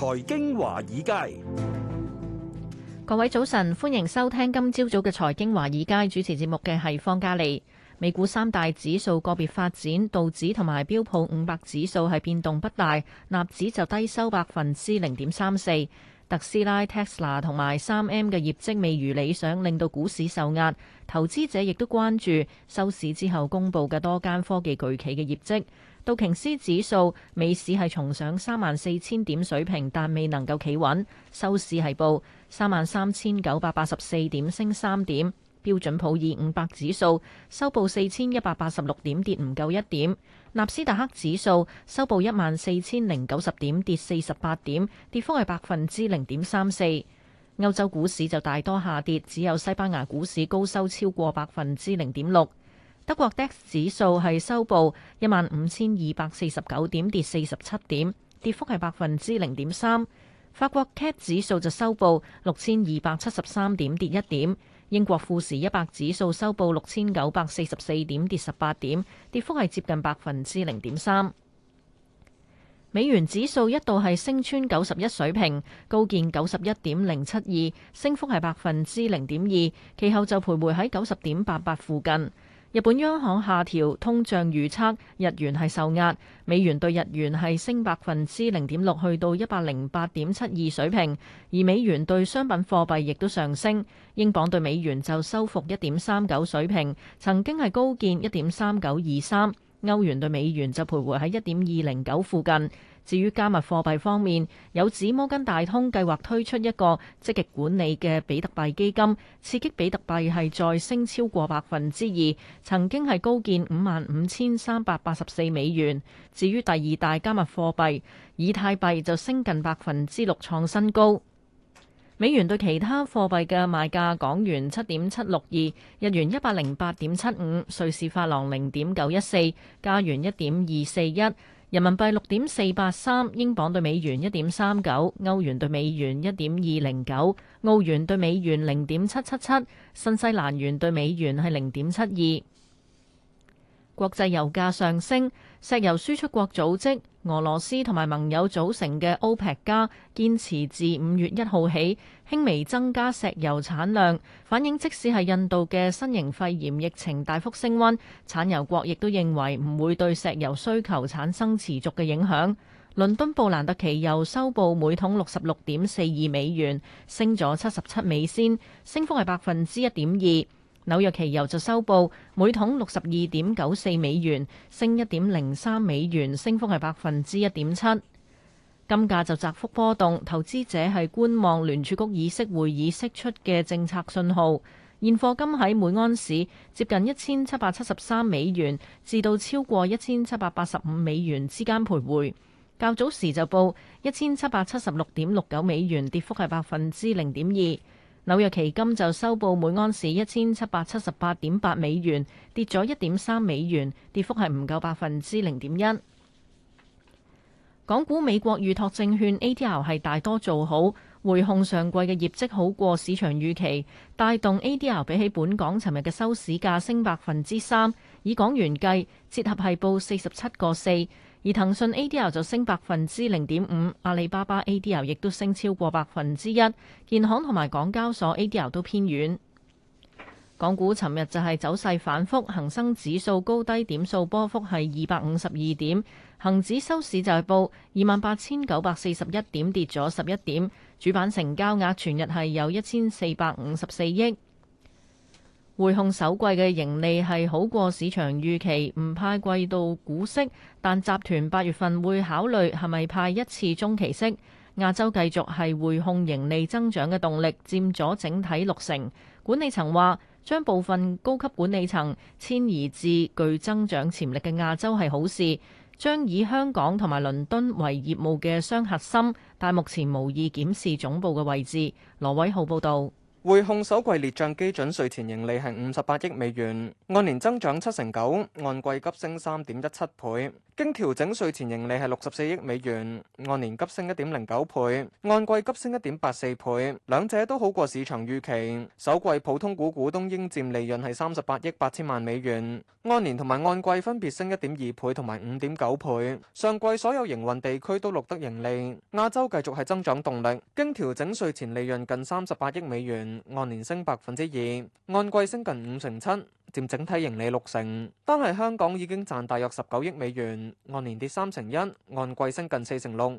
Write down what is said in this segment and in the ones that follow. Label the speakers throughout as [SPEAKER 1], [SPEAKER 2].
[SPEAKER 1] 財經華爾
[SPEAKER 2] 街，各位早晨，歡迎收聽今朝早嘅財經華爾街，主持節目嘅係方嘉利。美股三大指數個別發展，道指同埋標普五百指數係變動不大，納指就低收百分之零點三四。特斯拉 Tesla 同埋三 M 嘅業績未如理想，令到股市受壓。投資者亦都關注收市之後公布嘅多間科技巨企嘅業績。道瓊斯指數美市係重上三萬四千點水平，但未能夠企穩，收市係報三萬三千九百八十四點，升三點。標準普爾五百指數收報四千一百八十六點，跌唔夠一點。納斯達克指數收報一萬四千零九十點，跌四十八點，跌幅係百分之零點三四。歐洲股市就大多下跌，只有西班牙股市高收超過百分之零點六。德國 DAX 指數係收報一萬五千二百四十九點，跌四十七點，跌幅係百分之零點三。法國 CAC 指數就收報六千二百七十三點，跌一點。英國富時一百指數收報六千九百四十四點，跌十八點，跌幅係接近百分之零點三。美元指數一度係升穿九十一水平，高見九十一點零七二，升幅係百分之零點二，其後就徘徊喺九十點八八附近。日本央行下調通脹預測，日元係受壓，美元兌日元係升百分之零點六，去到一百零八點七二水平。而美元兌商品貨幣亦都上升，英鎊兌美元就收復一點三九水平，曾經係高見一點三九二三。歐元兌美元就徘徊喺一點二零九附近。至於加密貨幣方面，有指摩根大通計劃推出一個積極管理嘅比特幣基金，刺激比特幣係再升超過百分之二，曾經係高見五萬五千三百八十四美元。至於第二大加密貨幣，以太幣就升近百分之六，創新高。美元對其他貨幣嘅賣價：港元七點七六二，日元一百零八點七五，瑞士法郎零點九一四，加元一點二四一。人民幣六點四八三，英鎊對美元一點三九，歐元對美元一點二零九，澳元對美元零點七七七，新西蘭元對美元係零點七二。國際油價上升。石油輸出國組織，俄羅斯同埋盟友組成嘅 OPEC 加堅持自五月一號起輕微增加石油產量，反映即使係印度嘅新型肺炎疫情大幅升溫，產油國亦都認為唔會對石油需求產生持續嘅影響。倫敦布蘭特期油收報每桶六十六點四二美元，升咗七十七美仙，升幅係百分之一點二。紐約期油就收報每桶六十二點九四美元，升一點零三美元，升幅係百分之一點七。金價就窄幅波動，投資者係觀望聯儲局議息會議釋出嘅政策信號。現貨金喺每盎司接近一千七百七十三美元，至到超過一千七百八十五美元之間徘徊。較早時就報一千七百七十六點六九美元，跌幅係百分之零點二。紐約期金就收報每安士一千七百七十八點八美元，跌咗一點三美元，跌幅係唔夠百分之零點一。港股美國預託證券 ADR 係大多做好，匯控上季嘅業績好過市場預期，帶動 ADR 比起本港尋日嘅收市價升百分之三，以港元計，折合係報四十七個四。而騰訊 ADR 就升百分之零點五，阿里巴巴 ADR 亦都升超過百分之一，建行同埋港交所 ADR 都偏軟。港股尋日就係走勢反覆，恒生指數高低點數波幅係二百五十二點，恒指收市就係報二萬八千九百四十一點，跌咗十一點。主板成交額全日係有一千四百五十四億。匯控首季嘅盈利係好過市場預期，唔派季度股息，但集團八月份會考慮係咪派一次中期息。亞洲繼續係匯控盈利增長嘅動力，佔咗整體六成。管理層話將部分高級管理層遷移至具增長潛力嘅亞洲係好事，將以香港同埋倫敦為業務嘅雙核心，但目前無意
[SPEAKER 1] 檢視總部嘅位置。羅偉浩報導。匯控首季列賬基準稅前盈利係五十八億美元，按年增長七成九，按季急升三點一七倍。經調整稅前盈利係六十四億美元，按年急升一點零九倍，按季急升一點八四倍，兩者都好過市場預期。首季普通股股東應佔利潤係三十八億八千萬美元，按年同埋按季分別升一點二倍同埋五點九倍。上季所有營運地區都錄得盈利，亞洲繼續係增長動力。經調整稅前利潤近三十八億美元，按年升百分之二，按季升近五成七。佔整體盈利六成，單係香港已經賺大約十九億美元，按年跌三成一，按季升近四成六。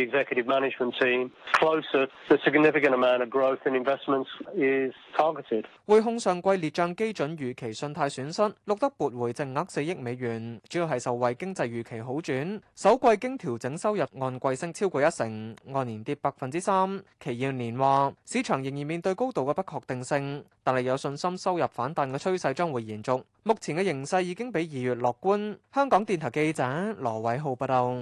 [SPEAKER 1] 匯控上季列賬基準預期信貸損失，錄得撥回淨額四億美元，主要係受惠經濟預期好轉。首季經調整收入按季升超過一成，按年跌百分之三。祁耀年話：市場仍然面對高度嘅不確定性，但係有信心收入反彈嘅趨勢將會延續。目前嘅形勢已經比二月樂觀。香港電台記者羅偉浩報道。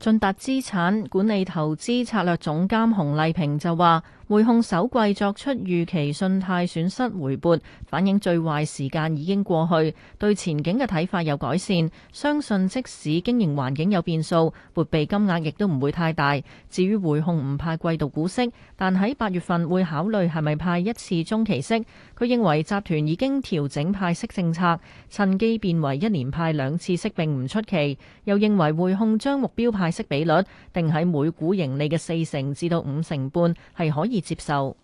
[SPEAKER 2] 駿達資產管理投資策略總監洪麗萍就話。匯控首季作出預期信貸損失回撥，反映最壞時間已經過去，對前景嘅睇法有改善。相信即使經營環境有變數，撥備金額亦都唔會太大。至於匯控唔派季度股息，但喺八月份會考慮係咪派一次中期息。佢認為集團已經調整派息政策，趁機變為一年派兩次息並唔出奇。又認為匯控將目標派息比率定喺每股盈利嘅四成至到五成半，係可以。接受。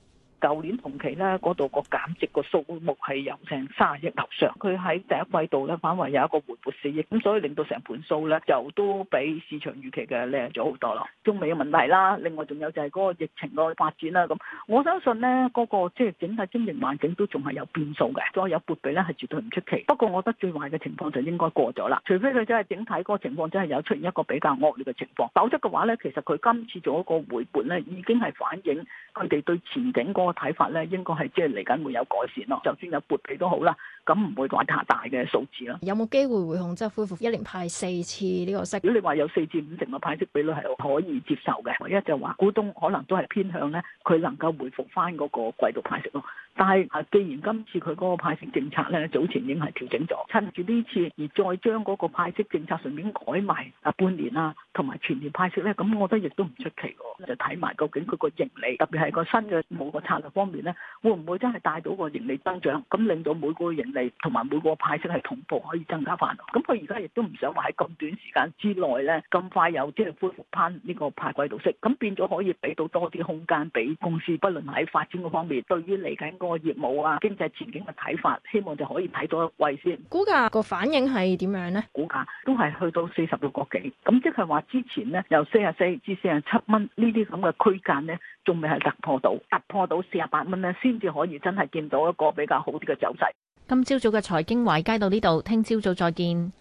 [SPEAKER 3] 舊年同期咧，嗰度個減值個數目係有成卅億頭上，佢喺第一季度咧反為有一個回撥四億，咁所以令到成盤數咧就都比市場預期嘅靚咗好多咯。中美嘅問題啦，另外仲有就係嗰個疫情個發展啦，咁我相信咧嗰個即係整體經營環境都仲係有變數嘅，再有撥備咧係絕對唔出奇。不過我覺得最壞嘅情況就應該過咗啦，除非佢真係整體嗰個情況真係有出現一個比較惡劣嘅情況，否則嘅話咧，其實佢今次做一個回撥咧，已經係反映佢哋對前景嗰個。睇法咧，應該係即係嚟緊會有改善咯。就算有撥備都好啦，咁唔會話太大嘅數字咯。
[SPEAKER 2] 有冇機會回控即係恢復一年派四次呢
[SPEAKER 3] 個息？如果你話有四至五成嘅派息比率係可以接受嘅，或者就話股東可能都係偏向咧，佢能夠回復翻嗰個季度派息咯。但係啊，既然今次佢嗰個派息政策咧，早前已經係調整咗，趁住呢次而再將嗰個派息政策順便改埋啊半年啦、啊，同埋全年派息咧，咁我覺得亦都唔出奇喎。就睇埋究竟佢個盈利，特別係個新嘅某個策略方面咧，會唔會真係帶到個盈利增長，咁令到每個盈利同埋每個派息係同步可以增加返。咁佢而家亦都唔想話喺咁短時間之內咧，咁快又即係恢復返呢個派季度息，咁變咗可以俾到多啲空間俾公司，不論喺發展嗰方面，對於嚟緊。個業務啊，經濟前景嘅睇法，希望就可以睇到一位先。股價個反應係點樣呢？股價都係去到四十六個幾，咁即係話之前呢，由四十四至四十七蚊呢啲咁嘅區間呢，仲未係突破到突破到四十八蚊呢，先至可以真係見到一個比較好啲嘅走勢。
[SPEAKER 2] 今朝早嘅財經華爾街到呢度，聽朝早再見。